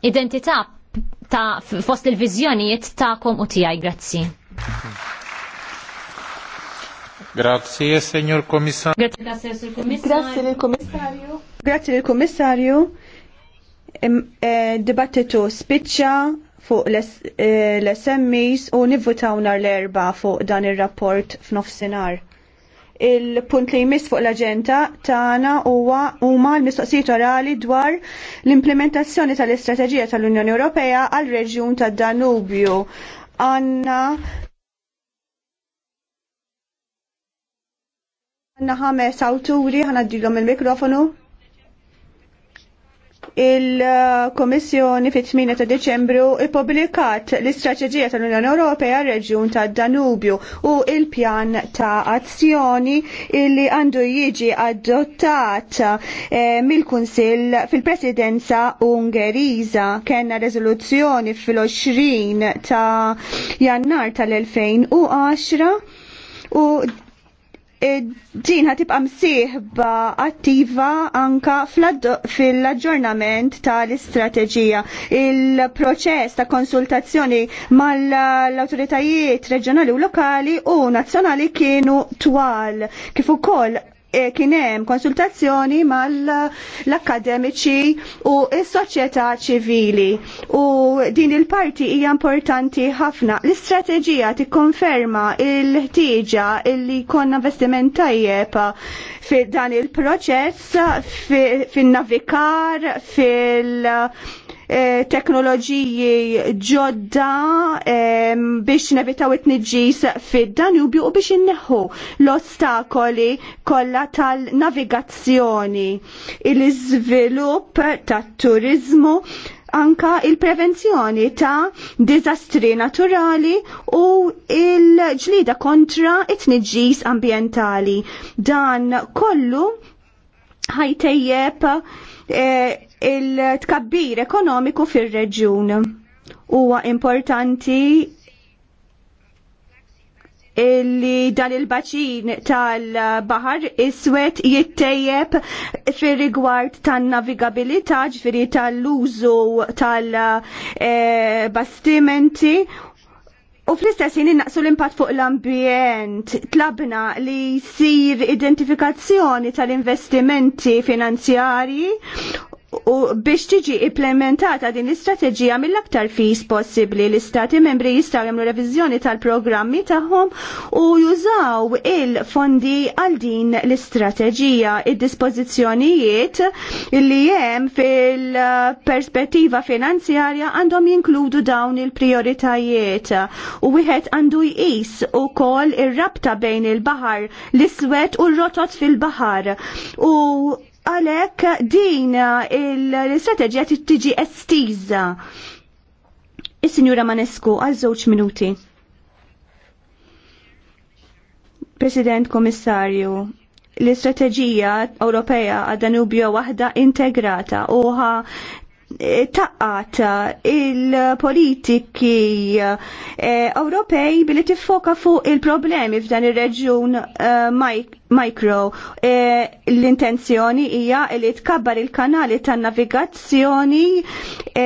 identità ta' fost il-vizjonijiet kom u tiegħi grazzi. Grazie, signor Commissario. Grazie, signor Commissario. Grazie, il Commissario. Eh, dibattitu spiċċa fuq l-SMEs eh, u nivvutawna l-erba fuq dan il-rapport f'nofsinhar il-punt li jmiss fuq l-agenda tagħna huwa huma l-mistoqsijiet orali dwar l-implementazzjoni tal-istrateġija tal-Unjoni Ewropea għal reġjun tad-Danubju. Anna Anna ħames awturi ħanaddilhom il-mikrofonu il-Komissjoni fit-8 ta' Deċembru ippubblikat l-Istraċeġija tal-Unjoni Ewropea reġjun ta' Danubju u il-pjan ta' azzjoni illi għandu jiġi adottat eh, mill-Kunsill fil-Presidenza Ungeriża. Kenna rezoluzzjoni fil-20 ta' Jannar tal-2010 u din ħatibqa' msieħba attiva anka fil-aġġornament tal-istrateġija. Il-proċess ta' konsultazzjoni mal-awtoritajiet reġjonali u lokali u nazzjonali kienu twal kif ukoll E kienem konsultazzjoni mal-akademiċi u s-soċjetà ċivili u din il-parti hija importanti ħafna. L-istrateġija tikkonferma il-ħtieġa illi konna investiment tajjeb fi dan il-proċess fin-navikar fil-, -navikar, fil Eh, teknoloġiji ġodda biex nevitaw it-nġis fid-Danubju u biex inneħu l-ostakoli kollha tal-navigazzjoni, il-iżvilupp tat-turizmu, anka il-prevenzjoni ta' dizastri naturali u il-ġlida kontra it-nġis ambientali. Dan kollu ħajtejjeb eh, il-tkabbir ekonomiku fir-reġjun. Huwa importanti li dan il-baċin tal-bahar iswed jittejjeb fir rigward tan-navigabilità ġifieri tal-użu tal-bastimenti U fl-istess jien innaqsu l-impatt fuq l-ambjent, tlabna li sir identifikazzjoni tal-investimenti finanzjarji u biex tiġi implementata din l-istrateġija mill-aktar fis possibbli l-istati membri jistgħu jagħmlu reviżjoni tal-programmi tagħhom u jużaw il-fondi għal din l-istrateġija id-dispożizzjonijiet li hemm fil-perspettiva finanzjarja għandhom jinkludu dawn il-prioritajiet u wieħed għandu jqis ukoll ir-rabta bejn il-baħar l-iswed u r-rotot fil-baħar u Għalhekk din l t tiġi estiza. Is-Sinjura Manescu għal żewġ minuti. President Komissarju, l-istrateġija Ewropea għad-Danubju waħda integrata uħa taqqat il-politiki eh, Ewropej billi tiffoka fuq il-problemi f'dan ir-reġjun eh, Micro. Eh, l-intenzjoni hija li tkabbar il-kanali tan-navigazzjoni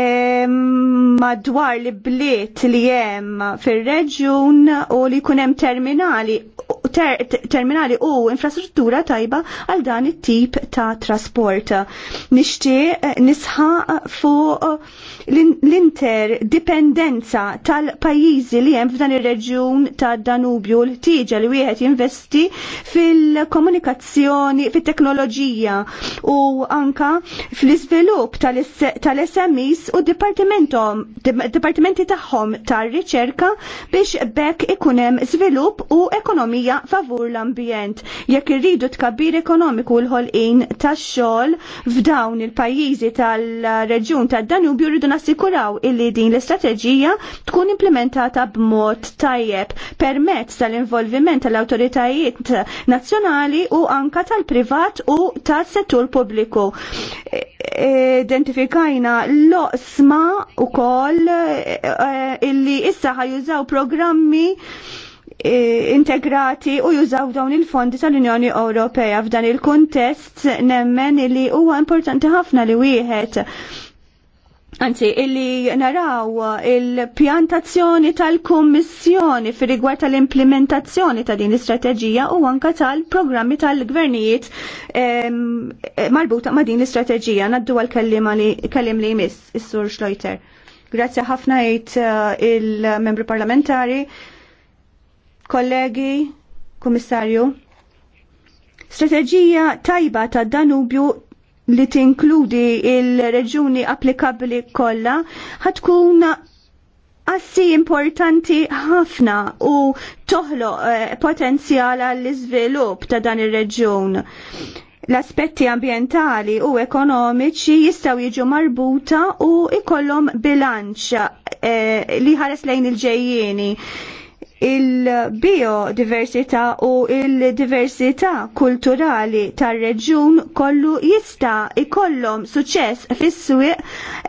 madwar l-bliet li hemm fir-reġjun u li jkun hemm terminali ter terminali u infrastruttura tajba għal dan it-tip ta' trasport. Nixtieq eh, nisħa fuq eh, l-interdipendenza tal-pajjiżi li hemm f'dan ir-reġjun ta' Danubju l ħtieġa li wieħed jinvesti fil-komunikazzjoni, fit-teknoloġija u anka fl-iżvilupp tal smis u dipartimenti tagħhom tar-riċerka biex bekk ikun hemm żvilupp u ekonomija hija favur l-ambjent. Jekk irridu tkabbir ekonomiku l-ħolqin tax-xogħol f'dawn il-pajjiżi tal-reġjun tad danub jridu nassikuraw illi din l-istrateġija tkun implementata b'mod tajjeb permezz tal-involviment tal-awtoritajiet nazzjonali u anka tal-privat u tas-settur pubbliku. E, identifikajna l-oqsma u koll e, e, illi issa ħajużaw programmi Eh, integrati u jużaw dawn il-fondi tal-Unjoni Ewropea f'dan il-kontest nemmen li huwa importanti ħafna li wieħed Anzi, illi naraw il-pjantazzjoni tal-Kommissjoni fi rigward tal-implementazzjoni ta' din l-istrateġija u anka tal-programmi tal-gvernijiet eh, marbuta ma' din l-istrateġija. Naddu għal-kellim li jmiss, is-Sur Schleuter. Grazie ħafna jt eh, il-membru parlamentari kollegi, komissarju, strateġija tajba ta' Danubju li tinkludi il-reġuni applikabli kollha ħatkun assi importanti ħafna u toħlo eh, potenzjal għall-iżvilupp ta' dan ir-reġjun. L-aspetti ambientali u ekonomiċi jistaw jiġu marbuta u ikollhom bilanċ eh, li ħares lejn il-ġejjieni il-biodiversità u il-diversità kulturali tar-reġjun kollu jista' jkollhom suċċess fis-swieq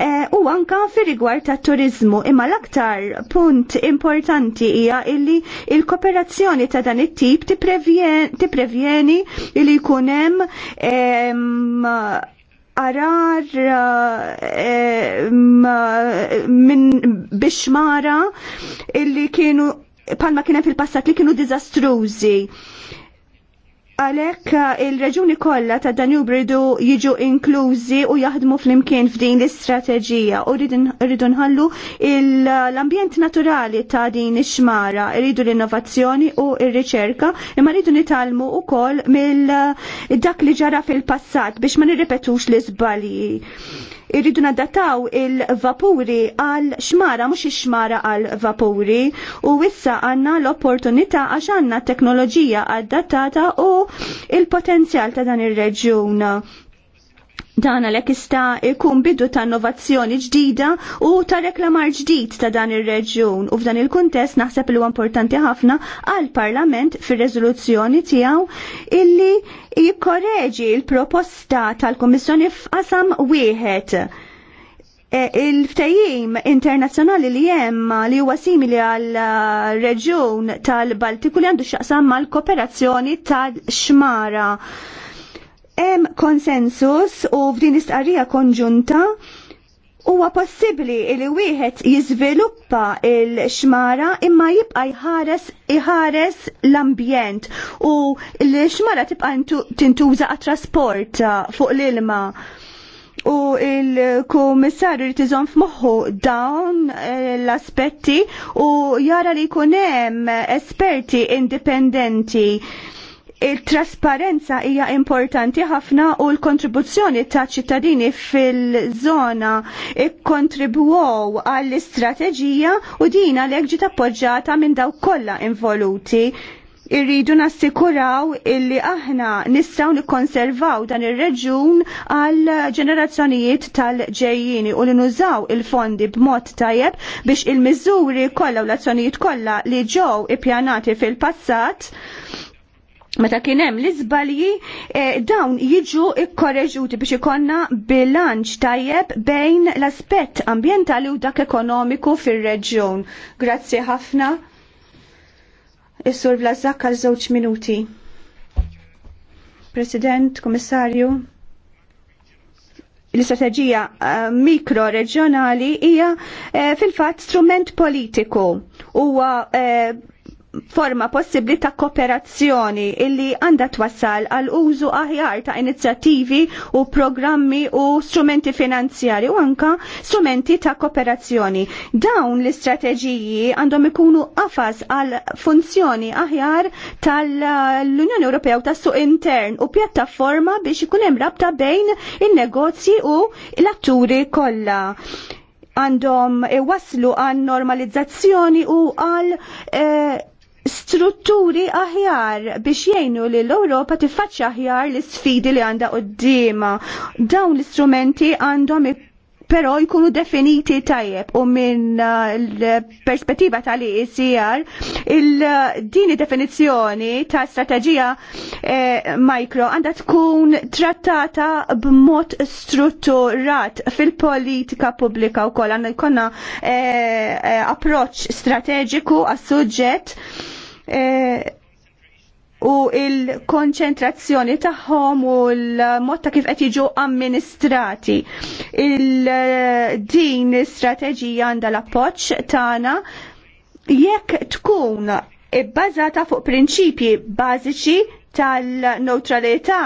eh, u anka fir-rigward tat-turiżmu. Imma l-aktar punt importanti hija illi il-kooperazzjoni ta' dan it-tip tipprevjeni li jkun hemm ehm, arar eh, minn bixmara illi kienu palma kienem fil-passat li kienu dizastruzi. Għalek eh, il-reġuni kollha ta' danju bridu jiġu inklużi u jaħdmu fl-imkien f'din l-istrateġija u rridu nħallu l-ambjent naturali ta' din ix-xmara, rridu l-innovazzjoni u r-riċerka, imma rridu nitalmu ukoll mill dak li ġara fil-passat biex ma nirrepetux l-iżbalji irridu nadataw il-vapuri għal xmara, mux xmara għal vapuri u issa għanna l-opportunita għax għanna teknoloġija għaddatata u il-potenzjal ta' dan il reġjuna Dan għalhekk jista' jkun bidu ta' innovazzjoni ġdida u ta' reklamar ġdid ta' dan ir-reġjun u f'dan il-kuntest naħseb li huwa importanti ħafna għal Parlament fir rezoluzzjoni tiegħu illi jikkoreġi l-proposta tal-Kummissjoni f'qasam wieħed. E, Il-ftajim internazzjonali li hemm li huwa simili għal uh, reġjun tal-Baltiku li għandu x'aqsam mal-kooperazzjoni tal-xmara. tal xmara Hemm konsensus u f'din istqarrija konġunta huwa possibbli li wieħed jiżviluppa l-xmara imma jibqa' jħares iħares l-ambjent u l-xmara tibqa' tintuża għat-trasport fuq l-ilma. U il-kummissarju li iżomm f'moħħu dawn eh, l-aspetti u jara li jkun hemm esperti indipendenti Il-trasparenza hija importanti ħafna u l-kontribuzzjoni ta' ċittadini fil-żona ikkontribwow għall-istrateġija u din għalhekk ġiet appoġġjata minn dawk kollha involuti irridu nassikuraw illi aħna nistaw nikkonservaw dan ir-reġun għal ġenerazzjonijiet tal-ġejjini u li nużaw il-fondi b'mod tajjeb biex il-miżuri kollha u l-azzjonijiet kollha li ġew ippjanati fil-passat meta kien hemm l-iżbalji eh, dawn jiġu ikkoreġuti biex ikonna bilanċ tajjeb bejn l-aspett ambjentali u dak ekonomiku fir-reġjun. Grazzi ħafna. Is-sur Blażak għal żewġ minuti. President, Komissarju, l-istrateġija eh, mikroreġjonali hija eh, fil-fatt strument politiku huwa forma possibbli ta' kooperazzjoni illi għandha twassal għal użu aħjar ta' inizjattivi u programmi u strumenti finanzjari u anka strumenti ta' kooperazzjoni. Dawn l-istrateġiji għandhom ikunu għafas għal funzjoni aħjar tal-Unjoni Ewropea u tas-suq intern u pjattaforma biex ikun hemm rabta bejn in-negozji u l-atturi kollha għandhom iwaslu għal normalizzazzjoni u għal eh, strutturi aħjar biex jgħinu li l-Europa tiffaċċa aħjar l-sfidi li għandha qoddima. Dawn l-istrumenti għandhom però jkunu definiti tajjeb u minn uh, l-perspettiva tal-ICR il-dini uh, definizjoni ta' strategija eh, micro mikro għandha tkun trattata b'mod strutturat fil-politika pubblika wkoll għandna jkollna eh, eh approċċ strateġiku għas-suġġett E, u il-konċentrazzjoni tagħhom u l-mod ta' kif qed jiġu amministrati. Il-din strateġija għandha l-appoġġ tagħna jekk tkun ibbażata fuq prinċipji bażiċi tal-neutralità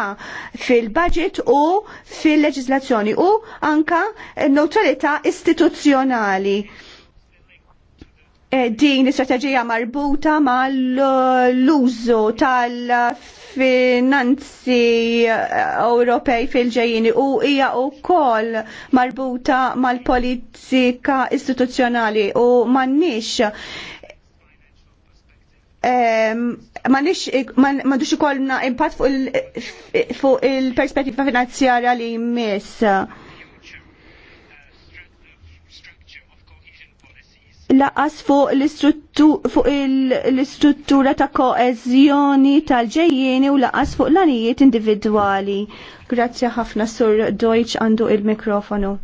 fil-budget u fil-leġislazzjoni u anka neutralità istituzzjonali Eh, din istrateġija marbuta mal-użu tal-finanzi eh, Ewropej fil-ġejjini u hija wkoll marbuta mal-politika istituzzjonali u m'għandniex m'għandux ikollna impatt fuq il-perspettiva finanzjarja li jmiss. laqas fuq l-istruttura ta' koezjoni tal-ġejjeni u laqas fuq l-anijiet individwali. Grazie ħafna sur Deutsch għandu il-mikrofonu.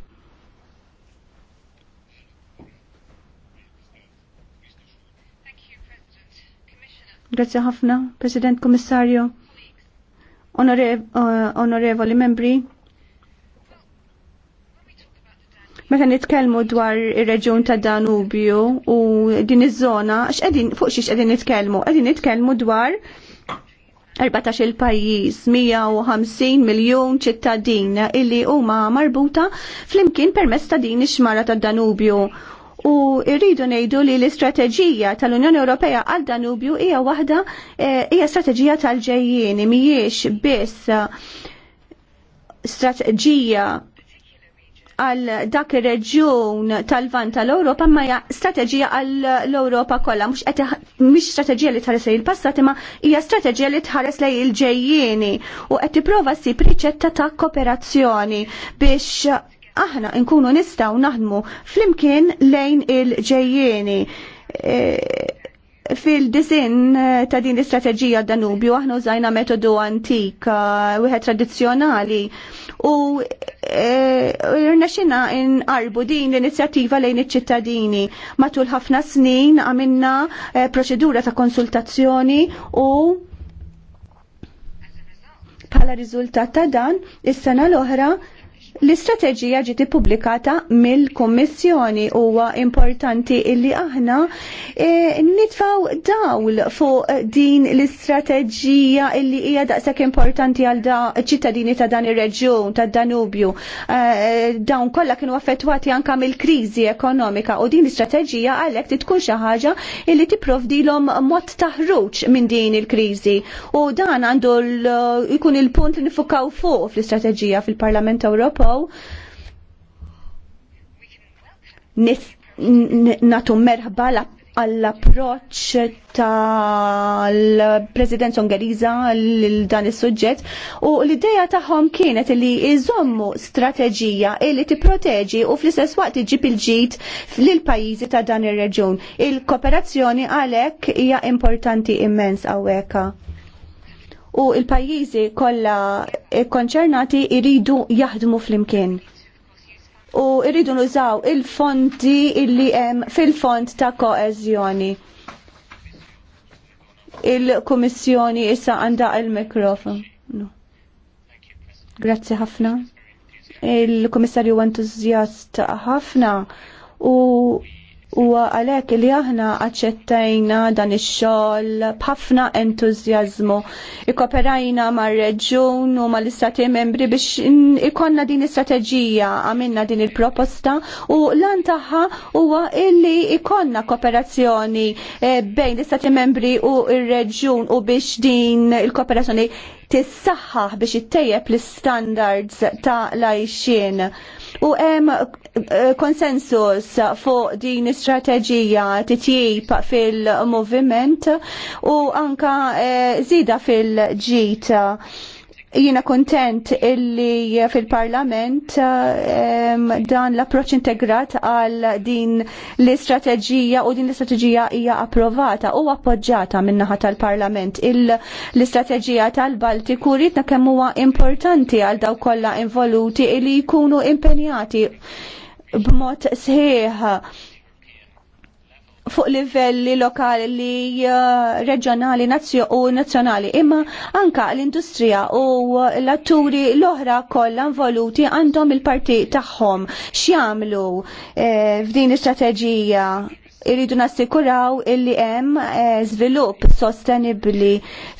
Grazzi ħafna, President Komissarju, uh, onorevoli membri. Meta nitkellmu dwar ir-reġjun ta' Danubju u din iż-żona, x'qegħdin fuq xiex qegħdin nitkellmu? Qegħdin nitkellmu dwar 14 il pajjiż 150 miljun ċittadin illi huma marbuta flimkien permezz ta' din ix-xmara tad-Danubju u irridu ngħidu li l-istrateġija tal-Unjoni Ewropea għal Danubju hija waħda eh, hija strateġija tal-ġejjieni mhijiex biss eh, strateġija għal dak ir-reġjun tal-vant tal-Ewropa ma hija strateġija għall ewropa kollha mhux qed mhix strateġija li tħares lej il-passat imma hija strateġija li tħares lejn il-ġejjieni u qed tipprova ssib riċetta ta' kooperazzjoni biex aħna nkunu nistgħu naħdmu flimkien lejn il-ġejjieni. E, Fil-disin ta' din l-istrateġija Danubju aħna użajna metodu antik, wieħed tradizzjonali u eh, rna in inqarbu din l-inizjattiva lejn iċ-ċittadini. Matul ħafna snin għamilna eh, proċedura ta' konsultazzjoni u bħala riżultat ta' dan is-sena l-oħra L-istrateġija ġiet ippubblikata mill-Kummissjoni huwa importanti illi aħna e, nitfaw dawl fuq din l-istrateġija illi hija daqshekk importanti għal da ċittadini ta' dan ir-reġjun ta' Danubju. E, dawn kollha kienu affettwati anke mill-kriżi ekonomika u din l-istrateġija għalhekk tkun xi ħaġa illi tipprovdilhom mod taħruġ minn din il-kriżi. U dan għandu jkun il-punt li nifukaw fuq fl-istrateġija fil-Parlament Ewropew Ewropew natum merħba għall-approċ tal-Presidenza Ungeriża dan is-suġġett u l-idea tagħhom kienet li jżommu strateġija li tipproteġi u fl-istess waqt iġib il-ġid lil pajjiżi ta' dan ir-reġjun. Il-kooperazzjoni għalhekk hija importanti immens hawnhekk u il-pajjiżi kollha konċernati iridu jaħdmu flimkien. U iridu nużaw il-fondi illi hemm fil-fond ta' koeżjoni. Il-Kummissjoni issa għandha il-mikrofon. No. Grazzi ħafna. Il-Kummissarju entużjast ħafna u U għalhekk li aħna aċċettajna dan ix-xogħol b'ħafna entużjażmu. Ikoperajna mar reġun u mal-istati membri biex ikonna din istrateġija għamilna din il-proposta u lan tagħha huwa illi ikonna kooperazzjoni eh, bejn l-istati membri u ir reġun u biex din il-kooperazzjoni tissaħħaħ biex ittejjeb l-standards ta' lajxin u hemm eh, konsensus fuq din istrateġija titjib fil-moviment u anka eh, zida fil-ġita Jina kontent illi fil-parlament ehm, dan l-approċ integrat għal din l-istrateġija u din l-istrateġija hija approvata u appoġġata minnaħa tal-parlament. L-istrateġija tal-Baltiku ritna kemm huwa importanti għal daw kollha involuti illi jkunu impenjati b'mod sħiħ fuq livelli lokali, eh, reġjonali, u nazzjonali, imma anka l-industrija u l-atturi l-oħra kollha involuti għandhom il-parti tagħhom x'jagħmlu eh, f'din l-istrateġija irridu nassikuraw illi hemm eh, żvilupp sostenibbli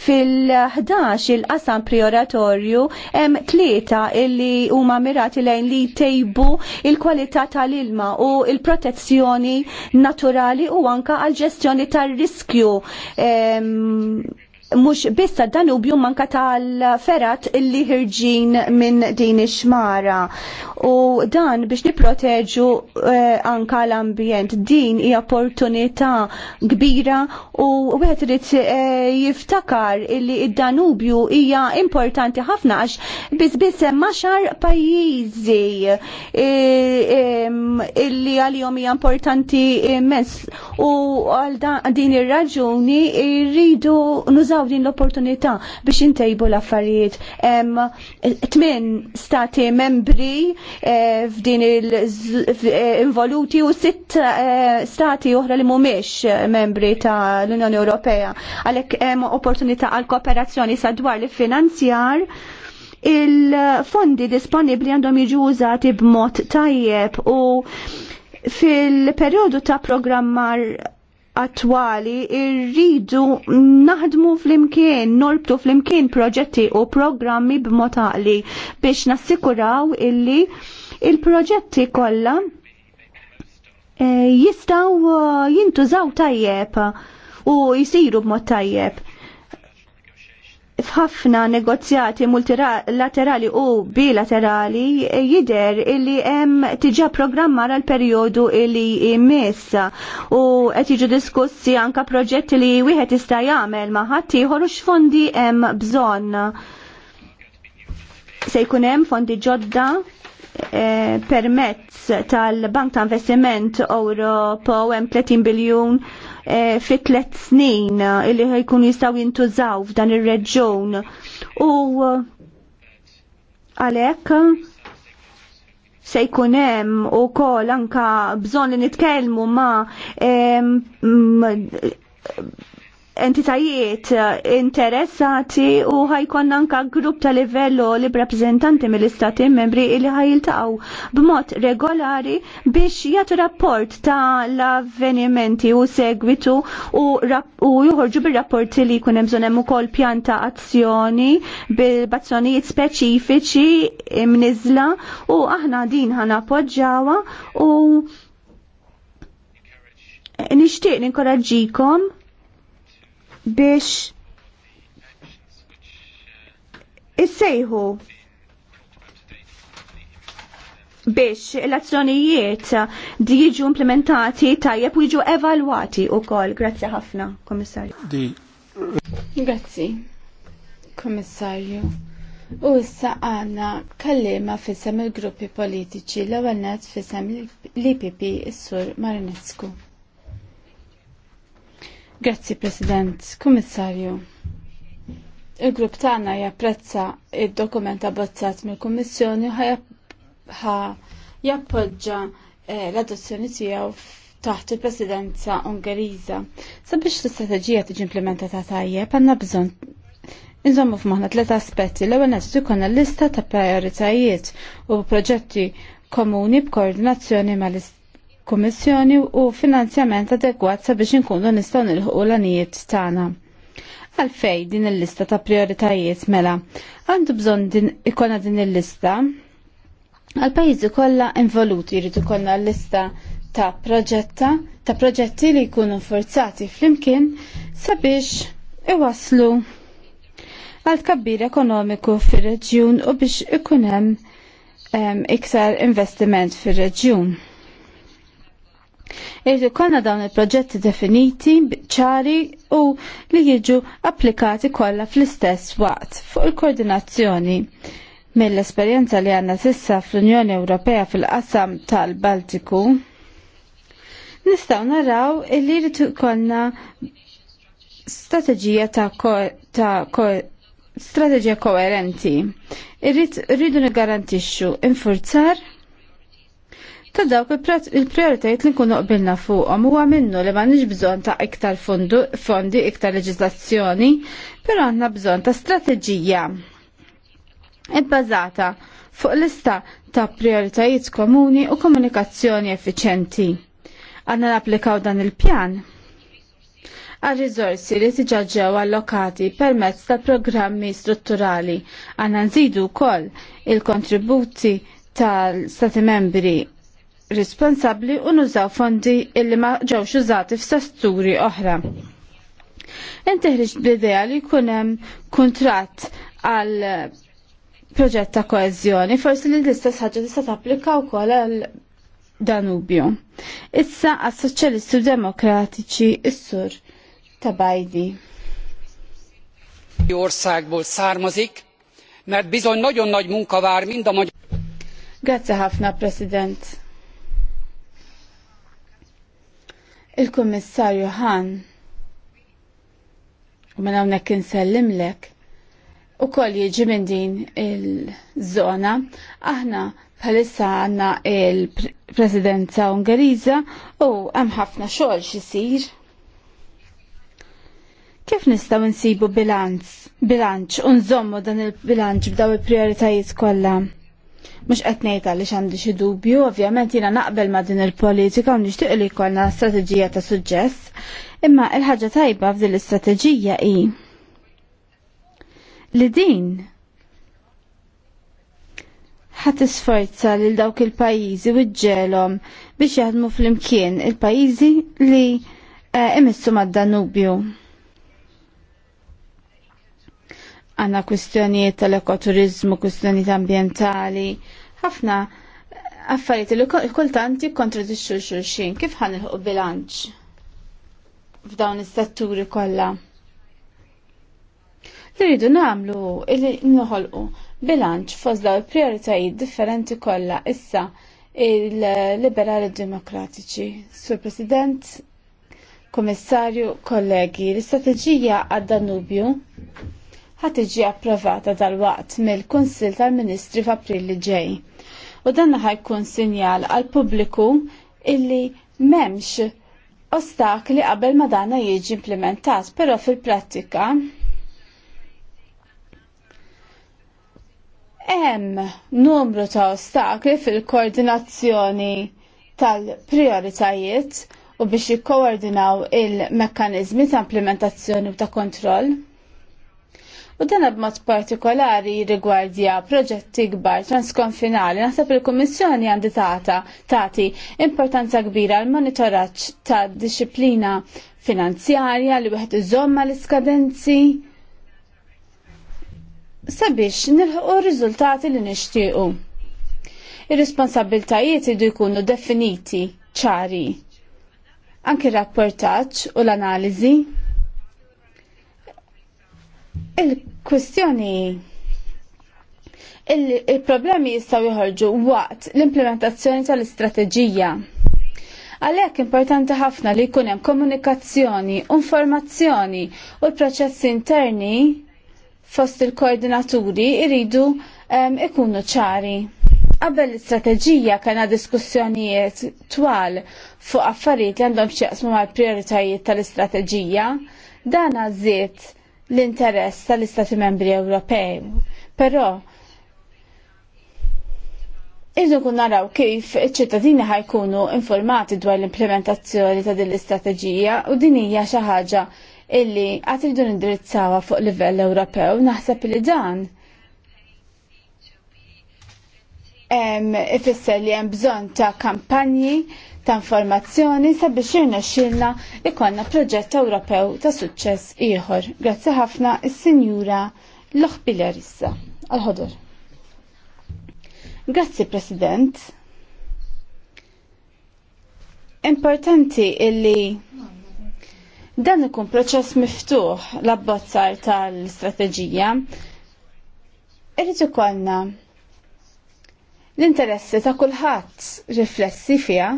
fil-11 il-qasam prioratorju hemm tlieta illi huma mirati lejn li tejbu il-kwalità tal-ilma u il-protezzjoni naturali u anka għal ġestjoni tar-riskju mux bissa Danubju manka tal-ferat illi ħirġin minn din ix-xmara. U dan biex niproteġu eh, anka l-ambjent. Din hija opportunità kbira u wieħed irid eh, jiftakar illi id-Danubju hija importanti ħafna għax biss biss hemm maxar pajjiżi eh, illi għalihom hija importanti immens. U għal din ir-raġuni rridu nużaw nużaw din l-opportunità biex intejbu l-affarijiet. Tmin stati membri eh, f'din il-involuti eh, u sitt eh, stati oħra li mhumiex membri ta' l-Unjoni Ewropea. Għalhekk hemm opportunità għal kooperazzjoni sadwar li finanzjar il-fondi disponibli għandhom jiġu użati b'mod tajjeb u fil-periodu ta' programmar attwali irridu naħdmu fl-imkien, norbtu fl-imkien proġetti u programmi b'motaqli biex nassikuraw illi il-proġetti kollha eh, jistaw eh, jintużaw tajjeb u jisiru b'mod tajjeb f'ħafna negozjati multilaterali u bilaterali jider illi hemm tiġa programmar għal perjodu illi jmiss u qed jiġu diskussi anka proġetti li wieħed jista' jagħmel ma' ħadd fondi hemm bżonn. Se jkun hemm fondi ġodda eh, permezz tal-Bank ta' Investiment Europa hemm 30 biljun Eh, fi tlet snin eh, illi ħajkun jistaw jintużaw f'dan ir-reġjun. U eh, għalhekk se jkun hemm ukoll anka bżonn li nitkellmu ma' entitajiet eh, interessati u ħajkon anka grupp ta' livello li rappresentanti mill-istati membri li ħajiltaqgħu b'mod regolari biex jagħtu rapport ta' l-avvenimenti u segwitu u, u joħorġu bir-rapporti li jkun hemm bżonn hemm ukoll pjan ta' azzjoni bil bazzjonijiet speċifiċi mniżla u aħna din ħanapoġġawha u nixtieq ninkoraġġikom biex issejħu biex l-azzjonijiet di jiġu implementati tajjeb u jiġu evalwati u kol. Grazie ħafna, komissarju. Di. Grazie, komissarju. U issa għanna kallima fissam il-gruppi politiċi l-għannet fissam l-IPP il-sur Marinescu. Grazzi President, Kommissarju. Il-grupp tagħna japprezza id-dokument abbozzat mill-Kummissjoni ħa jappoġġa eh, l-adozzjoni tiegħu taħt il-Presidenza Ungeriża. Sabiex l-istrateġija tiġi implementata tajjeb għandna bżonn Inżommu f'maħna tlet aspetti l-ewwel qed jkollna lista ta' prioritajiet u proġetti komuni b'koordinazzjoni mal istat Kommissjoni u finanzjament adekwat sabiex inkunu nistgħu nilħu l-anijiet tagħna. Għalfej din il-lista ta' prioritajiet mela, għandu bżonn din ikona din il-lista għal-pajjiżi kollha involuti jrid ikollna l-lista ta' proġetta ta' proġetti li jkunu forzati flimkien sabiex iwaslu għal kabbir ekonomiku fir-reġjun u biex ikun hemm iktar investiment fir-reġjun. Irri konna dawn il-proġetti definiti, ċari u li jiġu applikati kollha fl-istess waqt fuq il-koordinazzjoni. Mill-esperjenza li għanna sissa fl-Unjoni Ewropea fil-qasam tal-Baltiku, nistaw naraw illi rritu konna strategija ta' ko, ta' ko, strategija koerenti. rridu nigarantixxu infurzar ta' dawk il-prioritajiet li nkunu qbilna fuqhom huwa minnu li nix bżonn ta' iktar fondi, iktar leġislazzjoni, però għandna bżonn ta' strateġija ibbażata fuq lista ta' prioritajiet komuni u komunikazzjoni effiċenti. Għanna napplikaw dan il-pjan għal riżorsi li tiġaġġew allokati permezz ta' programmi strutturali għandna nżidu wkoll il-kontributi tal-Stati membri responsabbli u nużaw fondi illi ma ġewx użati f'sasturi oħra. Intiħriġ bl-idea li jkun hemm kuntratt għal proġett ta' koeżjoni, forsi li l-istess ħaġa tista' tapplika wkoll għal Danubju. Issa għas-Soċjalisti Demokratiċi is-Sur ta' Bajdi. Országból származik, mert bizony nagyon nagy munka vár mind a magyar. Grazie ħafna, President. Il-Kummissarju Han, u minn hawnhekk insellimlek, ukoll jiġi minn din il-żona, aħna bħalissa għandna il-Presidenza Ungeriża u hemm ħafna xogħol xisir. Kif nistgħu nsibu bilanċ, bilanċ u nżommu dan il-bilanċ b'daw il-prijoritajiet kollha? Mux qed għaliex għandi xi dubju, ovvjament jiena naqbel ma' din il-politika u nixtieq li jkollna strateġija ta' suġġess, imma il-ħaġa tajba f'din l-istrateġija hi li din ħat isforza lil dawk il-pajjiżi u ġelom biex jaħdmu fl-imkien il-pajjiżi li eh, imissu mad-Danubju. għanna kwistjonijiet tal-ekoturizmu, kwistjonijiet ambientali, ħafna affarijiet li kultant jikkontradixxu xulxin. Kif ħan il bilanċ f'dawn is-setturi kollha? Li rridu nagħmlu li noħolqu bilanċ fost daw il-prioritajiet differenti kollha issa il-liberali demokratiċi. Sur President, Komissarju, kollegi, l-istrateġija għad-Danubju ħat iġi approvata dal-waqt mill-Kunsil tal-Ministri f'April li ġej. U dan ħajkun sinjal għal pubbliku illi memx ostakli qabel ma dana jiġi implementat, però fil-prattika hemm numru ta' ostakli fil-koordinazzjoni tal-prioritajiet u biex jikkoordinaw il-mekkanizmi ta' implementazzjoni u ta' kontroll. U dan b'mod partikolari rigwardja proġetti kbar transkonfinali. Naħseb il-Kummissjoni għandi tagħta tagħti importanza kbira għal monitoraġġ ta' disciplina finanzjarja li wieħed iżomma l-iskadenzi sabiex nilħu r-riżultati li nixtiequ. Ir-responsabiltajiet idu jkunu definiti ċari. Anki rapportaġġ u l-analiżi kustjoni il-problemi jistaw joħorġu waqt l-implementazzjoni tal-istrateġija. Għalhekk importanti ħafna li jkun hemm komunikazzjoni, informazzjoni u l-proċessi interni fost il-koordinaturi iridu ikunu ċari. Qabel l-istrateġija kena diskussjonijiet twal fuq affarijiet li għandhom xieqsmu mal prioritajiet tal-istrateġija, dan għażiet l-interess tal-Istati Membri Ewropej. Però Iżu kun naraw kif iċ-ċittadini ħajkunu informati dwar l-implementazzjoni ta' din l-istrateġija u din hija xi ħaġa illi qatt iridu nindirizzawha fuq livell Ewropew naħseb li dan ifisser li hemm bżonn ta' kampanji ta' informazzjoni sabiex jirna xilna ikonna proġett Ewropew ta' suċċess ieħor. Grazzi ħafna is-Sinjura Loħbiller issa al ħodur Grazzi President. Importanti illi dan ikun proċess miftuħ l-abbozzar tal-istrateġija. Irrid ikollna l-interessi ta' kulħadd riflessi fiha.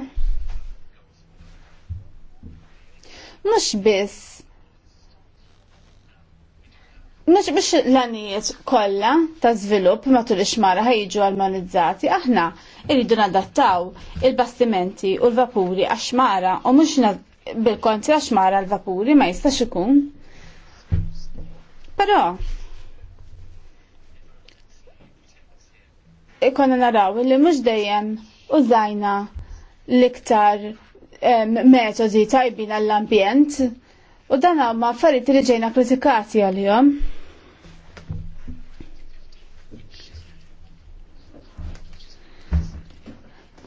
mhux biss Mux biex l-għanijiet kolla ta' zvilup matul ix-xmara ħajġu għal manizzati aħna irridu nadattaw il-bastimenti u l-vapuri għax u mux bil-konti għax l-vapuri ma jistax ikun. Pero, ikonna naraw li mux dejjem użajna l-iktar metodi tajbin għall-ambjent u dan ma affarijiet li ġejna kritikati għalihom.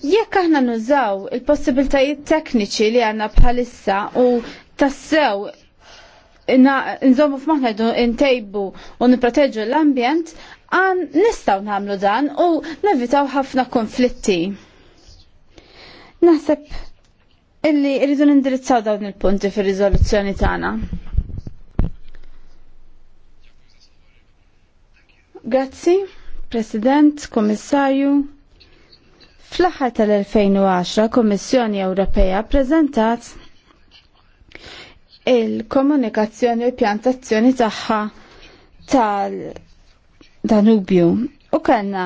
Jekk aħna nużaw il-possibiltajiet tekniċi li għandna bħalissa u tassew nżommu f'maħna ntejbu u nipproteġu l-ambjent, għan nistaw namlu dan u nevitaw ħafna konflitti. Naħseb illi irridu nindirizzaw dawn il-punti fir-riżoluzzjoni tagħna. Grazzi, President, Kommissarju. Fl-aħħar tal-2010, Kommissjoni Ewropea preżentat il-komunikazzjoni u pjantazzjoni tagħha tal-Danubju u kellna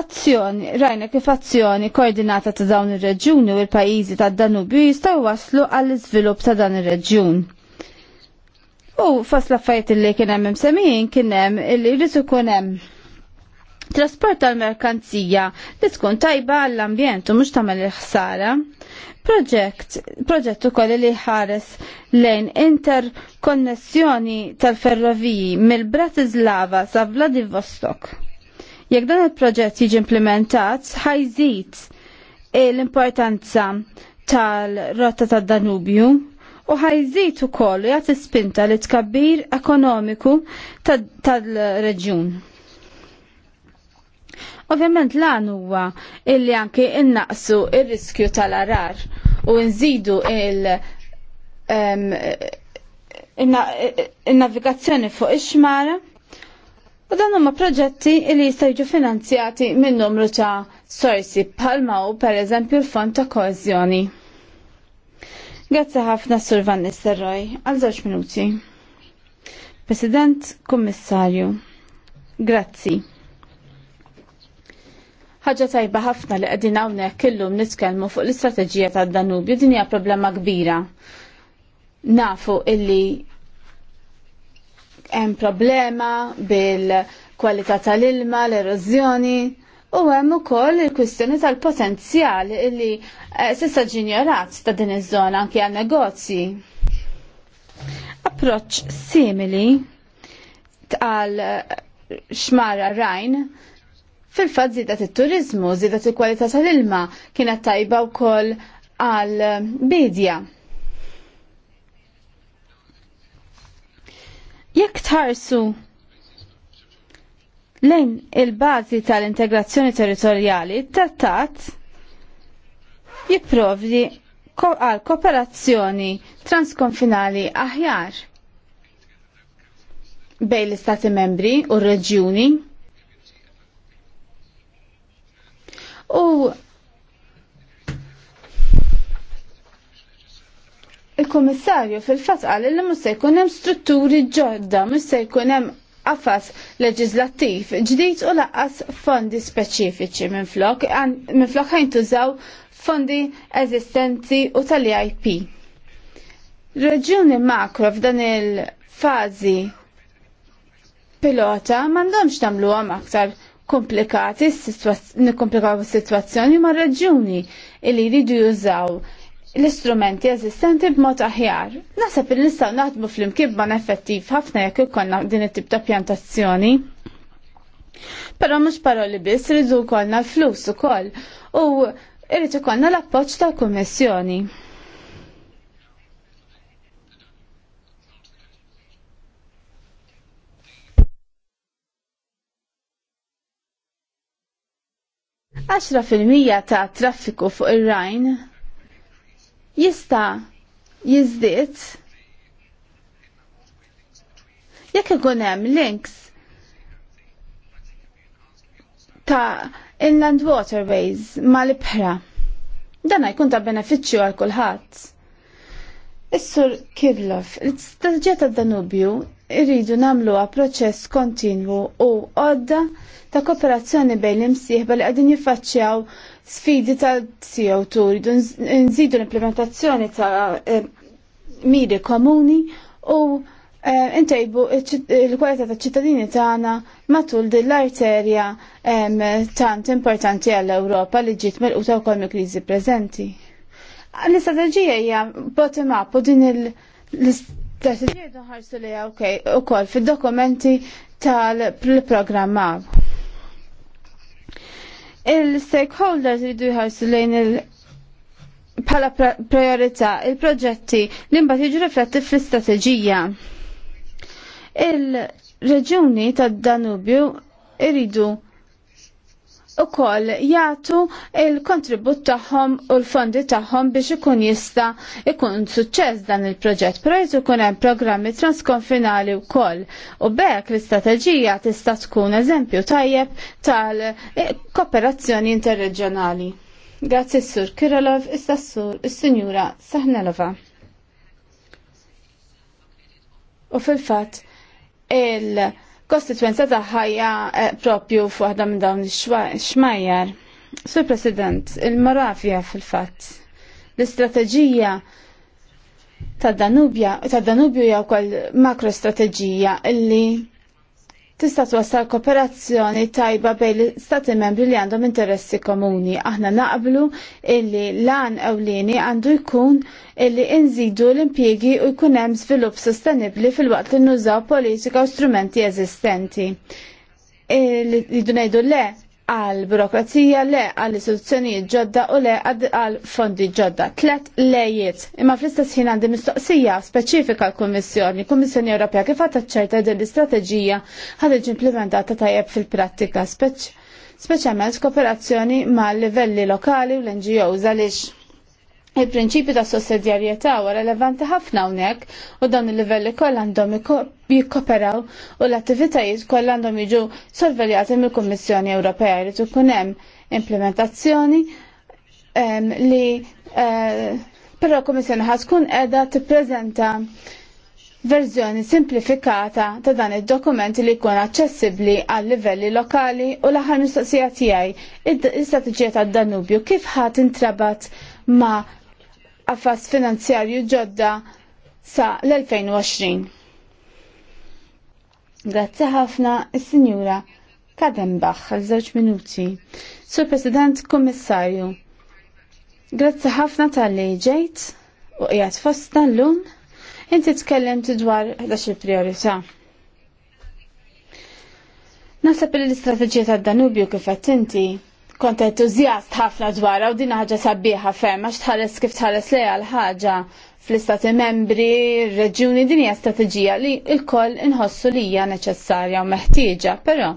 azzjoni, rajna kif azzjoni koordinata ta' dawn ir-reġjuni u l-pajjiżi tad-Danubju jistgħu waslu għall-iżvilupp ta' dan ir-reġjun. U fas l-affajt li kien hemm imsemmijin kien hemm li jrid ikun hemm trasport tal-merkanzija li tkun tajba għall-ambjent u mhux tagħmel il-ħsara. Proġett, proġett ukoll li ħares lejn interkonnessjoni tal-ferroviji mill-Bratislava sa Vladivostok. Jekk dan il-proġett jiġi implementat, ħajżid l-importanza tal-rotta tad-Danubju u ħajżid ukoll jagħti spinta li tkabbir ekonomiku tal-reġjun. Ovvjament lan huwa illi anke innaqsu ir-riskju tal-arar u nżidu il- navigazzjoni fuq ix-xmara U dan huma proġetti li jista' jiġu finanzjati minn numru ta' sorsi bħalma u pereżempju l-Fond ta' Koeżjoni. Grazzi ħafna Sur Van Nistelrooy għal żewġ minuti. President, Kummissarju, grazzi. Ħaġa tajba ħafna li qegħdin hawnhekk illum nitkellmu fuq l-istrateġija tad-Danubju din hija problema kbira. Nafu illi hemm problema bil-kwalità tal-ilma, l-erożjoni, u hemm ukoll il-kwistjoni tal-potenzjal li eh, s'issa ġinjorat ta' din iż-żona anke għal negozji. Approċċ simili tal eh, xmara Rajn fil-fatt zidat il turizmu zidat il-kwalità tal-ilma kienet tajba wkoll għal bidja. Jekk tħarsu lejn il-bażi tal-integrazzjoni territorjali, it-trattat jipprovdi għal ko kooperazzjoni transkonfinali aħjar bejn l-Istati membri u r-reġjuni u Il-Kummissarju fil-fatt qal li mhux se jkun hemm strutturi ġodda, mhux se jkun hemm qafas leġislattiv ġdid u laqqas fondi speċifiċi minflok, minflok tużaw fondi eżistenti u tal-IP. Reġjuni makro f'dan il-fazi pilota mandomx għam aktar komplikati nikomplikaw is-sitwazzjoni ma' reġjuni li jridu jużaw l-istrumenti eżistenti b'mod aħjar. Nasab li nistgħu naħdmu fl-imkien effettiv ħafna jekk ikollna din it-tip ta' pjantazzjoni. Però mhux paroli biss ridu jkollna flus ukoll u irrid ikollna l-appoġġ tal-Kummissjoni. Għaxra fil-mija ta' traffiku fuq ir-Rajn jista' jiżdied jekk ikun hemm links ta' inland waterways mal-ibħra. Dan jkun ta' benefiċċju għal kulħadd. Is-sur Kirlov, l-istraġġija tad Danubju irridu namlu proċess kontinwu u għodda ta' kooperazzjoni bejn l-imsieħba li għadin jiffaċċjaw sfidi ta' CO2, rridu nżidu l-implementazzjoni ta' eh, miri komuni u intejbu eh, l-kwalità ta' ċittadini tagħna matul din l-arterja tant importanti għall-Ewropa li ġiet melquta wkoll mill-kriżi preżenti. L-istrateġija hija bottom up u din l Strategijiet uħarsu li u koll fil-dokumenti tal-programma. Il-stakeholders ridu jħarsu lejn il- bħala priorità il-proġetti li mbagħad jiġu rifletti fl-istrateġija. Il-reġuni tad-Danubju iridu u koll jgħatu il-kontribut tagħhom u l-fondi tagħhom biex ikun jista' ikun suċċess dan il-proġett. Però jrid ikun hemm programmi transkonfinali wkoll u bekk l-istrateġija tista' tkun eżempju tajjeb tal-kooperazzjoni interreġjonali. Grazzi s-sur Kirilov, issa s-sur s sinjura Sahnelova. U fil-fatt il- kostitwenza taħħajja eh, propju f'waħda minn dawn ix-xmajjar. Sur President, il-Moravja fil-fatt, l-istrateġija ta' Danubja, ta' Danubju hija wkoll makrostrateġija illi tista' twassal kooperazzjoni tajba bejn l-Stati membri li għandhom interessi komuni. Aħna naqblu illi lan ewlieni għandu jkun illi inżidu l-impjiegi u jkun hemm żvilupp sostenibbli fil-waqt li nużaw politika u strumenti eżistenti. Eh, li dunajdu le għal burokrazija le għal istituzzjonijiet ġodda u le għal fondi ġodda. Tlet lejiet. Imma fl-istess ħin għandi mistoqsija speċifika l-Kummissjoni. Kummissjoni Ewropea kif għatat ċerta din l-istrateġija ħadet implementata tajjeb fil-prattika speċ speċjalment kooperazzjoni mal livelli lokali u l-NGOs għaliex Il-prinċipju ta' sussidjarjetà huwa relevanti ħafna hawnhekk u dawn il-livelli kollha għandhom jikkoperaw u l-attivitajiet kollha għandhom jiġu sorveljati mill-Kummissjoni Ewropea jrid ikun hemm implementazzjoni li eh, però l-Kummissjoni ħad tkun qiegħda tippreżenta verżjoni simplifikata ta' dan id dokumenti li jkun aċċessibbli għal livelli lokali u l-aħħar mistoqsija tiegħi id-istrateġija tad-Danubju kif ħadd intrabat ma' qafas finanzjarju ġodda sa l-2020. Grazzi ħafna is-Sinjura Kadenbach għal żewġ minuti. Sur President Kommissarju, grazzi ħafna tal-li ġejt u qiegħed fostna llum inti tkellimt dwar 11 priorità. Nasab l-istrateġija tad-Danubju kif qed inti kont entuzjast ħafna dwarha u din ħaġa sabiħa ferm għax tħares kif tħares lejha għal ħaġa fl-istati membri, reġjuni din hija strateġija li lkoll koll inħossu li hija neċessarja u meħtieġa, però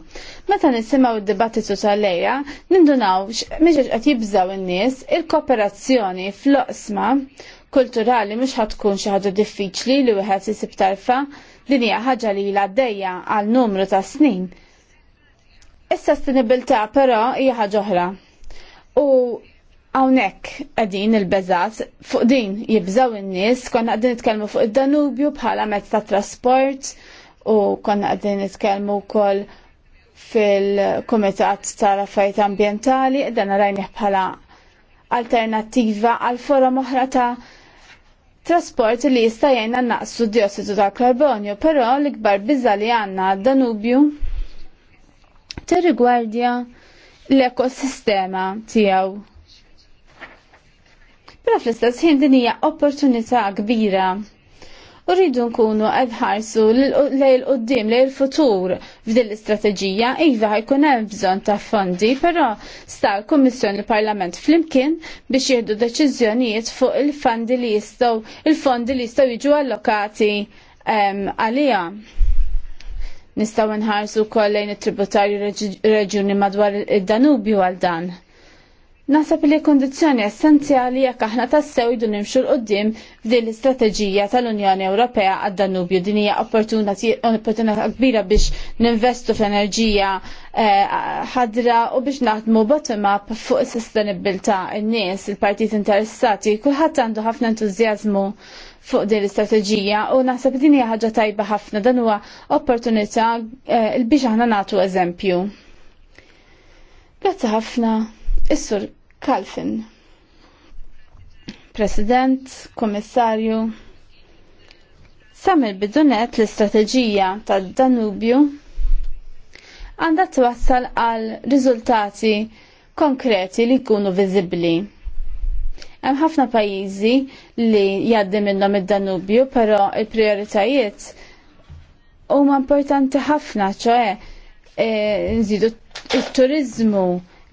meta nisimgħu d-dibattitu tal-lejja nindunaw miex qed jibżaw in-nies il-kooperazzjoni fl-oqsma kulturali mhux ħadd tkun xi ħaġa diffiċli li wieħed isib tarfa din hija ħaġa li ilha għaddejja għal numru ta' snin Is-sostenibilità però hija ħaġa oħra. U hawnhekk qegħdin il-beżat fuq din jibżaw in-nies, konna qegħdin nitkellmu fuq id-Danubju bħala mezz ta' trasport u konna qegħdin nitkellmu wkoll fil-Kumitat tal-Affarijiet Ambjentali, dan rajnih bħala alternattiva għal forom oħra ta' trasport li jista' jgħinna naqsu diossidu tal-karbonju, però l-ikbar biża li għandna Danubju tirrigwardja l-ekosistema tiegħu. Però fl-istess ħin din hija opportunità kbira u rridu nkunu għadħarsu lej l-qoddim, lej l-futur f'din l-istrateġija, iva ħajkun hemm bżonn ta' fondi, però sta' l-Kummissjoni l-Parlament flimkien biex jieħdu deċiżjonijiet fuq il-fondi li jistgħu il-fondi li jistgħu jiġu allokati ehm, għalija. Um, Nistaw nħarsu kollejn it-tributarju reġjuni madwar il danubju għal dan. Nasab li kondizjoni essenzjali jekk aħna tassew idu nimxu l-qoddim f'din l-istrateġija tal-Unjoni Ewropea għad-Danubju. Din hija opportunità kbira biex ninvestu f'enerġija eh, ħadra u biex naħdmu bottom-up fuq is-sostenibilità, in-nies, il-partit interessati, kulħadd għandu ħafna entużjażmu fuq din l-istrateġija u naħseb din hija ħaġa tajba ħafna dan huwa opportunità eh, biex aħna nagħtu eżempju. Grazzi ħafna, is-Sur Kalfin. President, Kommissarju, Sam il-bidunet l-istrateġija tad Danubju għandha twassal għal riżultati konkreti li jkunu viżibbli. Hemm ħafna pajjiżi li jgħaddi minnhom id-Danubju, però il-prijoritajiet huma importanti ħafna, ċoe e, nżidu t-turizmu,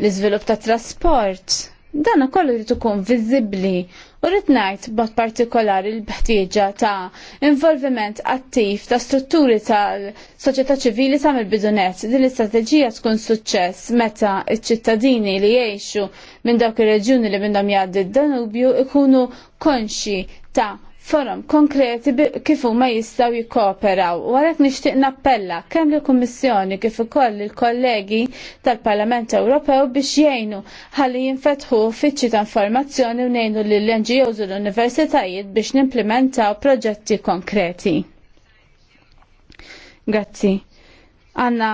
l-iżvilupp ta' trasport. Dan ukoll irid ikun viżibbli U ritnajt bot partikolari l-bħtieġa ta' involviment attiv ta' strutturi tal-soċjetà ċivili ta' mill-bidunet din l-istrateġija tkun suċċess meta iċ-ċittadini li jgħixu minn dawk ir-reġjuni li minnhom jgħaddi d-Danubju ikunu konxi ta' forum konkreti kif huma jistgħu jikkooperaw. U għalhekk nixtieq nappella kemm lill-Kummissjoni kif ukoll il-kollegi tal-Parlament Ewropew biex jgħinu ħalli jinfetħu uffiċċji ta' informazzjoni u li lill-NGOs u l-universitajiet biex nimplementaw proġetti konkreti. Grazzi. Anna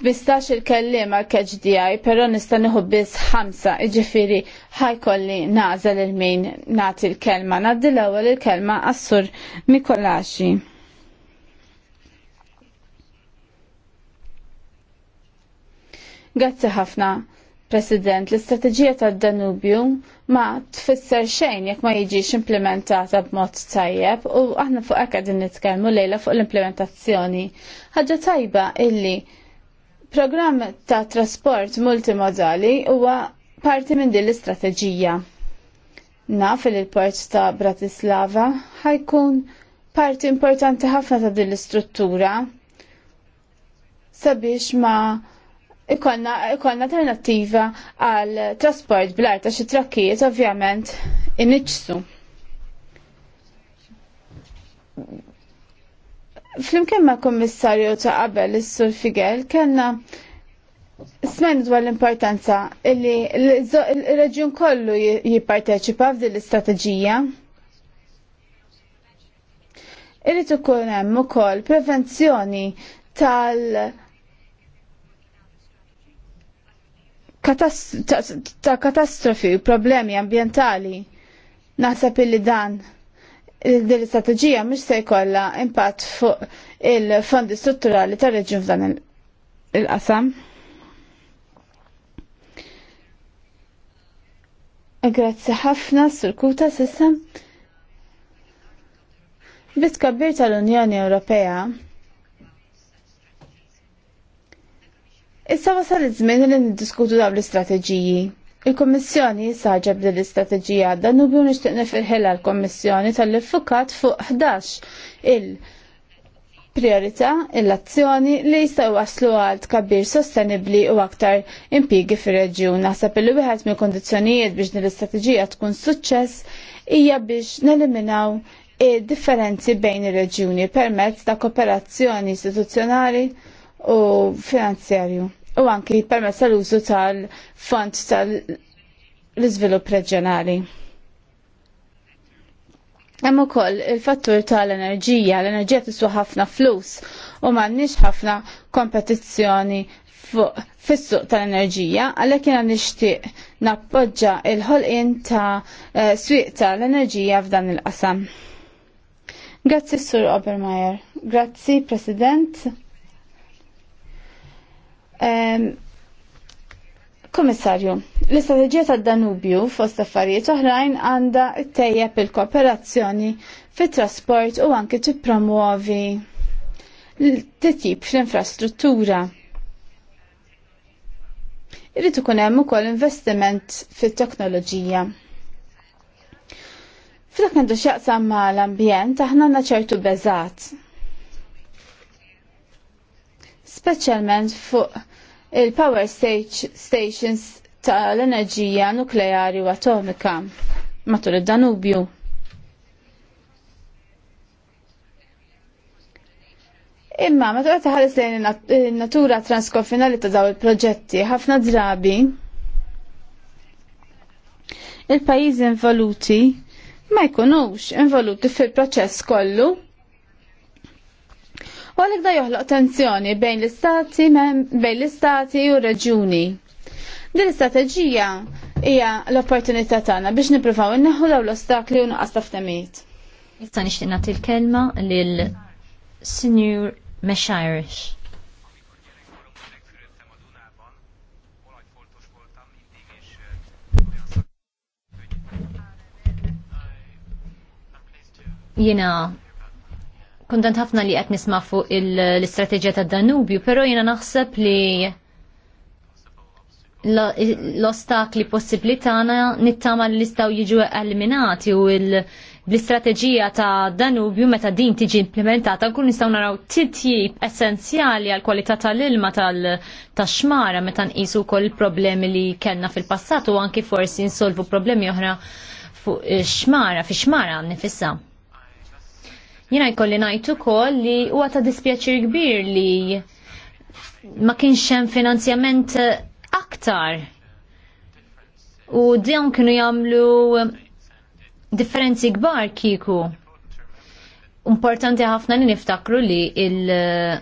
Bistax il-kellim għal KHDI, pero nista nieħu biss ħamsa, iġifiri ħajkolli nażel il-min nagħti il-kelma. Naddi l-ewwel il-kelma assur Mikolaxi. Grazzi ħafna, President, l-istrateġija tad-Danubju ma tfisser xejn jekk ma jiġix implementata b'mod tajjeb u aħna fuq hekk qegħdin nitkellmu lejla fuq l-implementazzjoni. Ħaġa tajba illi Program programm ta' trasport multimodali huwa parti minn din l-istrateġija. Naf li l-port ta' Bratislava ħajkun parti importanti ħafna ta' din l-istruttura sabiex ma ikonna, ikonna alternattiva għal trasport bl-art xi trakkijiet ovvjament iniċsu. Flimkien ma' kommissarju ta' qabel is-Sur Figel kellna smen dwar l-importanza li l reġjun kollu jipparteċipa f'din l-istrateġija. Irrid ikun hemm ukoll prevenzjoni tal- ta' katastrofi u problemi ambientali. Naħseb illi dan dil-istrateġija mhux se jkollha impatt fuq il-fondi strutturali tar-reġjun f'dan il-qasam. Grazzi ħafna sur-kuta sissa. Bit-kabbir tal-Unjoni Ewropea Issa wasal iż-żmien li niddiskutu dawn l-istrateġiji. Il-Kommissjoni saġab din l-istrateġija dan u bju nixtieq nifirħilha l-Kommissjoni tal-iffukat fuq 11 il-priorità l-azzjoni li jistgħu waslu għal tkabbir sostenibbli u aktar impjiegi fir-reġjun. Naħseb illi wieħed mill kondizzjonijiet biex din l-istrateġija tkun suċċess hija biex neliminaw differenzi bejn ir-reġjuni permezz ta' kooperazzjoni istituzzjonali u finanzjarju u anki permess tal-użu tal-fond tal-iżvilupp reġjonali. Hemm ukoll il-fattur tal-enerġija, l-enerġija tiswa ħafna flus u m'għandniex ħafna kompetizzjoni fis-suq tal-enerġija, għalhekk jiena nixtieq nappoġġa il-ħolqien ta' eh, swieq tal-enerġija f'dan il-qasam. Grazzi Sur Obermeyer. Grazzi President. Komissarju, l-istrateġija tad Danubju fost affarijiet oħrajn għandha tejjeb il-kooperazzjoni fit-trasport u anke tippromuovi l-titjib fl-infrastruttura. Irrid ikun hemm ukoll investiment fit-teknoloġija. F'dak għandu x'jaqsam ma l-ambjent aħna għandna ċertu beżat. Speċjalment fuq il-power stations tal-enerġija nukleari u atomika matul id-Danubju. Imma, ma tuqqa taħares lejn natura transkofinali ta' daw il-proġetti, ħafna drabi, il-pajizi involuti ma jkunux involuti fil-proċess kollu, u għalhekk da joħloq tensjoni bejn l-istati bejn l-istati u reġuni. Din l-istrateġija hija l-opportunità tagħna biex nippruvaw inneħħu l-ostakli u nuqqas taftemijiet. Issa nixtieq nagħti l-kelma lil Sinjur Meshirish. jina kontent ħafna li qed nisma' fuq l-istrateġija tad-Danubju, però jiena naħseb li l-ostakli possibbli tagħna nittama li jistgħu jiġu eliminati u l-istrateġija ta' Danubju meta din tiġi implementata nkun nistgħu naraw titjib essenzjali għal kwalità tal-ilma tax-xmara meta nqisu wkoll problemi li kellna fil-passat u anke forsi nsolvu problemi oħra fuq xmara fi xmara nifissa. Jina jkolli najtu kol li huwa ta' dispjaċir kbir li ma kienx hemm finanzjament aktar. U dion kienu jagħmlu differenzi kbar kiku. Importanti ħafna li niftakru li il-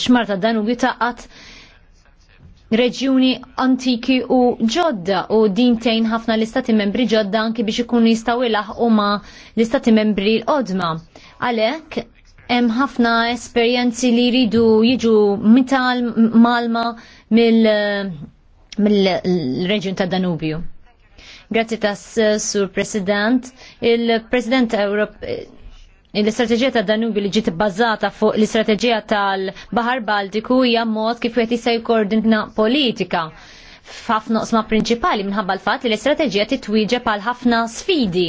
xmarta dan u għat reġjuni antiki u ġodda u din tejn ħafna l-istati membri ġodda anki biex ikunu jistaw u ma' l-istati membri l odma Għalek, hemm ħafna esperjenzi li jridu jiġu mital malma mill-reġjun mil ta' Danubju. Grazzi tas Sur President. Il-President Europe, L-istrateġija ta' Danubi li ġiet bbażata fuq l-istrateġija tal-Bahar Baltiku hija mod kif qed jista' jkoordina politika f'ħafna osma prinċipali minħabba l-fatt li l-istrateġija titwieġeb għal ħafna sfidi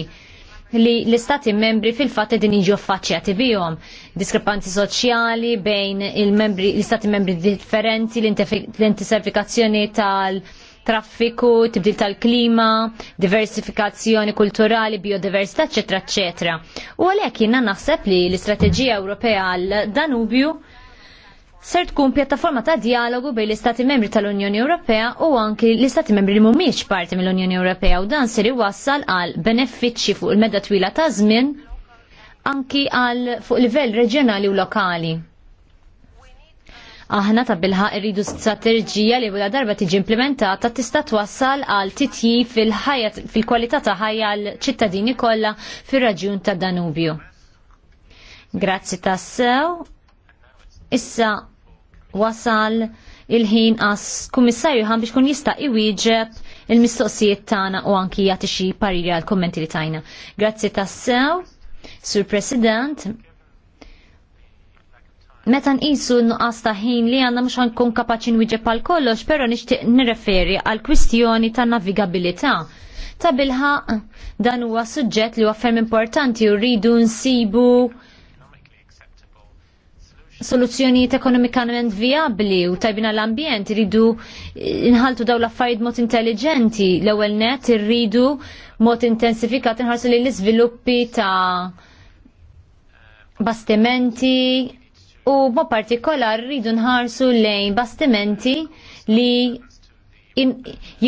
li l-istati membri fil-fatt din jiġu affaċċjati bihom. Diskrepanzi soċjali bejn il-membri l-istati membri differenti, l-intensifikazzjoni tal- traffiku, tibdil tal-klima, diversifikazzjoni kulturali, biodiversità, eccetera, eccetera. U għalhekk jiena naħseb li l-Istrateġija Ewropea għal Danubju ser tkun pjattaforma ta' dialogu bejn l-Istati membri tal-Unjoni Ewropea u anki l-Istati membri li mhumiex parti mill-Unjoni Ewropea u dan ser iwassal għal benefiċċji fuq il-medda twila ta' żmien anki għal fuq livell reġjonali u lokali. Aħna ta' bilħa irridu strategija li wara darba tiġi implementata tista' twassal għal titji fil-ħajja fil-kwalità ta' ħajja għal ċittadini kollha fir-raġjun ta' Danubju. Grazzi tassew. Issa wasal il-ħin għas kummissarju ħan biex kun jista' iwieġeb il-mistoqsijiet tagħna u anki jagħti xi pariri għal kommenti li tajna. Grazzi tassew, Sur President, Meta nqisu nuqqas ta' ħin li għandna mhux ħankun kapaċi nwieġeb għal kollox, però nixtieq nirreferi għal kwistjoni ta' navigabilità. Ta' bilħaq dan huwa suġġett li huwa ferm importanti u rridu nsibu soluzzjonijiet ekonomikament viabli u tajbina l-ambjent, rridu inħaltu daw l-affarijiet mod intelligenti, l ewwel net irridu mod intensifikat inħarsu li l-iżviluppi ta' bastimenti, u bo partikolar rridu nħarsu lejn bastimenti li in,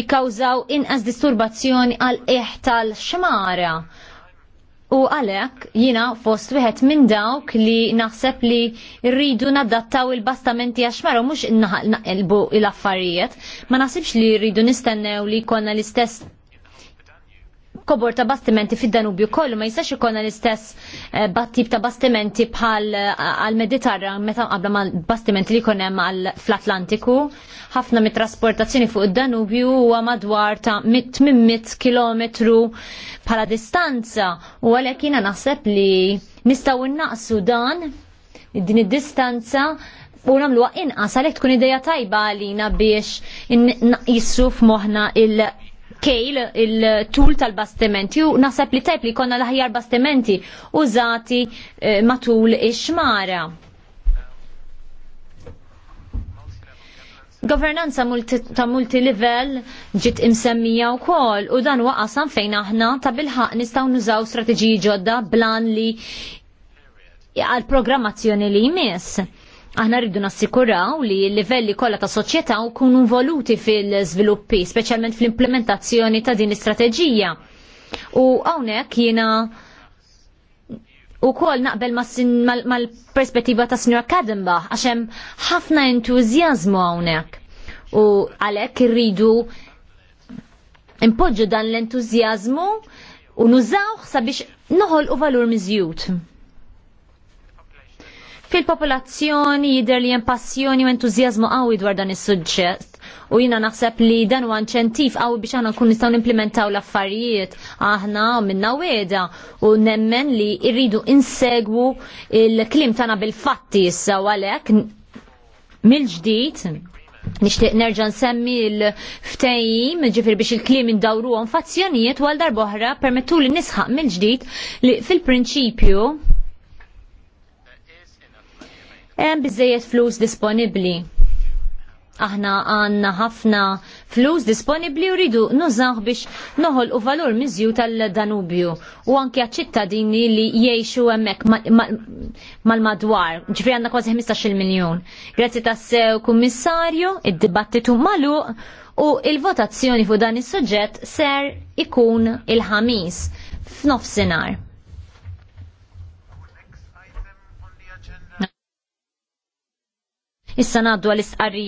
inqas disturbazzjoni għal eħ tal-xmara. U għalek jina fost wieħed minn dawk li naħseb li rridu nadattaw il-bastamenti għaxmara mux il-affarijiet, ma naħsibx li rridu nistennew li konna l-istess kobor ta' bastimenti fid-Danubju kollu ma jistax ikonna l-istess eh, battib ta' bastimenti bħal eh, għal-Mediterran meta qabla ma' bastimenti li konem fl-Atlantiku. Ħafna mit-trasportazzjoni fuq id-Danubju huwa madwar ta' 800 km bħala distanza u għalhekk jiena naħseb li nistgħu innaqsu dan din id-distanza u namluwa inqas għalhekk tkun idea tajba għalina biex jissru f'moħħna il- kejl il-tul tal-bastimenti u naħseb li tajp li konna l bastimenti użati eh, matul ix-xmara. Governanza multi, ta' multi ġit imsemmija u kol u dan waqasan fejn aħna ta' bilħaq nistaw nużaw strategiji ġodda blan li għal programmazzjoni li jmiss Aħna rridu nassikuraw li l-livelli kollha ta' soċjetà jkunu involuti fil-żviluppi, speċjalment fl-implementazzjoni ta' din l-istrateġija. U hawnhekk jiena u kol naqbel mal-perspettiva ta' Sr. għax għaxem ħafna entuzjazmu għawnek. U għalek irridu impoġġu dan l-entuzjazmu u nużaw sabiex noħol u valur mizjut. Fil-popolazzjoni jidher li hemm passjoni u entużjażmu qawwi dwar dan is-suġġett u jina naħseb li dan huwa inċentiv qawwi biex aħna nkun nistgħu nimplementaw l-affarijiet aħna minna weda u nemmen li rridu insegwu il-klim tagħna bil-fatti issa u għalhekk mill-ġdid Nishtiq nerġa' nsemmi l-ftejim, ġifir biex il-klim indawru fazzjonijiet fazzjonijiet għal darboħra permettu li nisħaq mill-ġdid li fil-prinċipju hemm biżejjed flus disponibbli. Aħna għanna ħafna flus disponibbli u rridu nużaw biex noħol u valur miżju tal-Danubju u anke ċittadini li jiexu hemmhekk mal-madwar. Ġifri għandna kważi 15 miljon. Grazzi tassew kummissarju, id-dibattitu magħluq u il-votazzjoni fuq dan is-suġġett ser ikun il-ħamis f'nofsinhar. Issa ngħaddu għall-istqarrija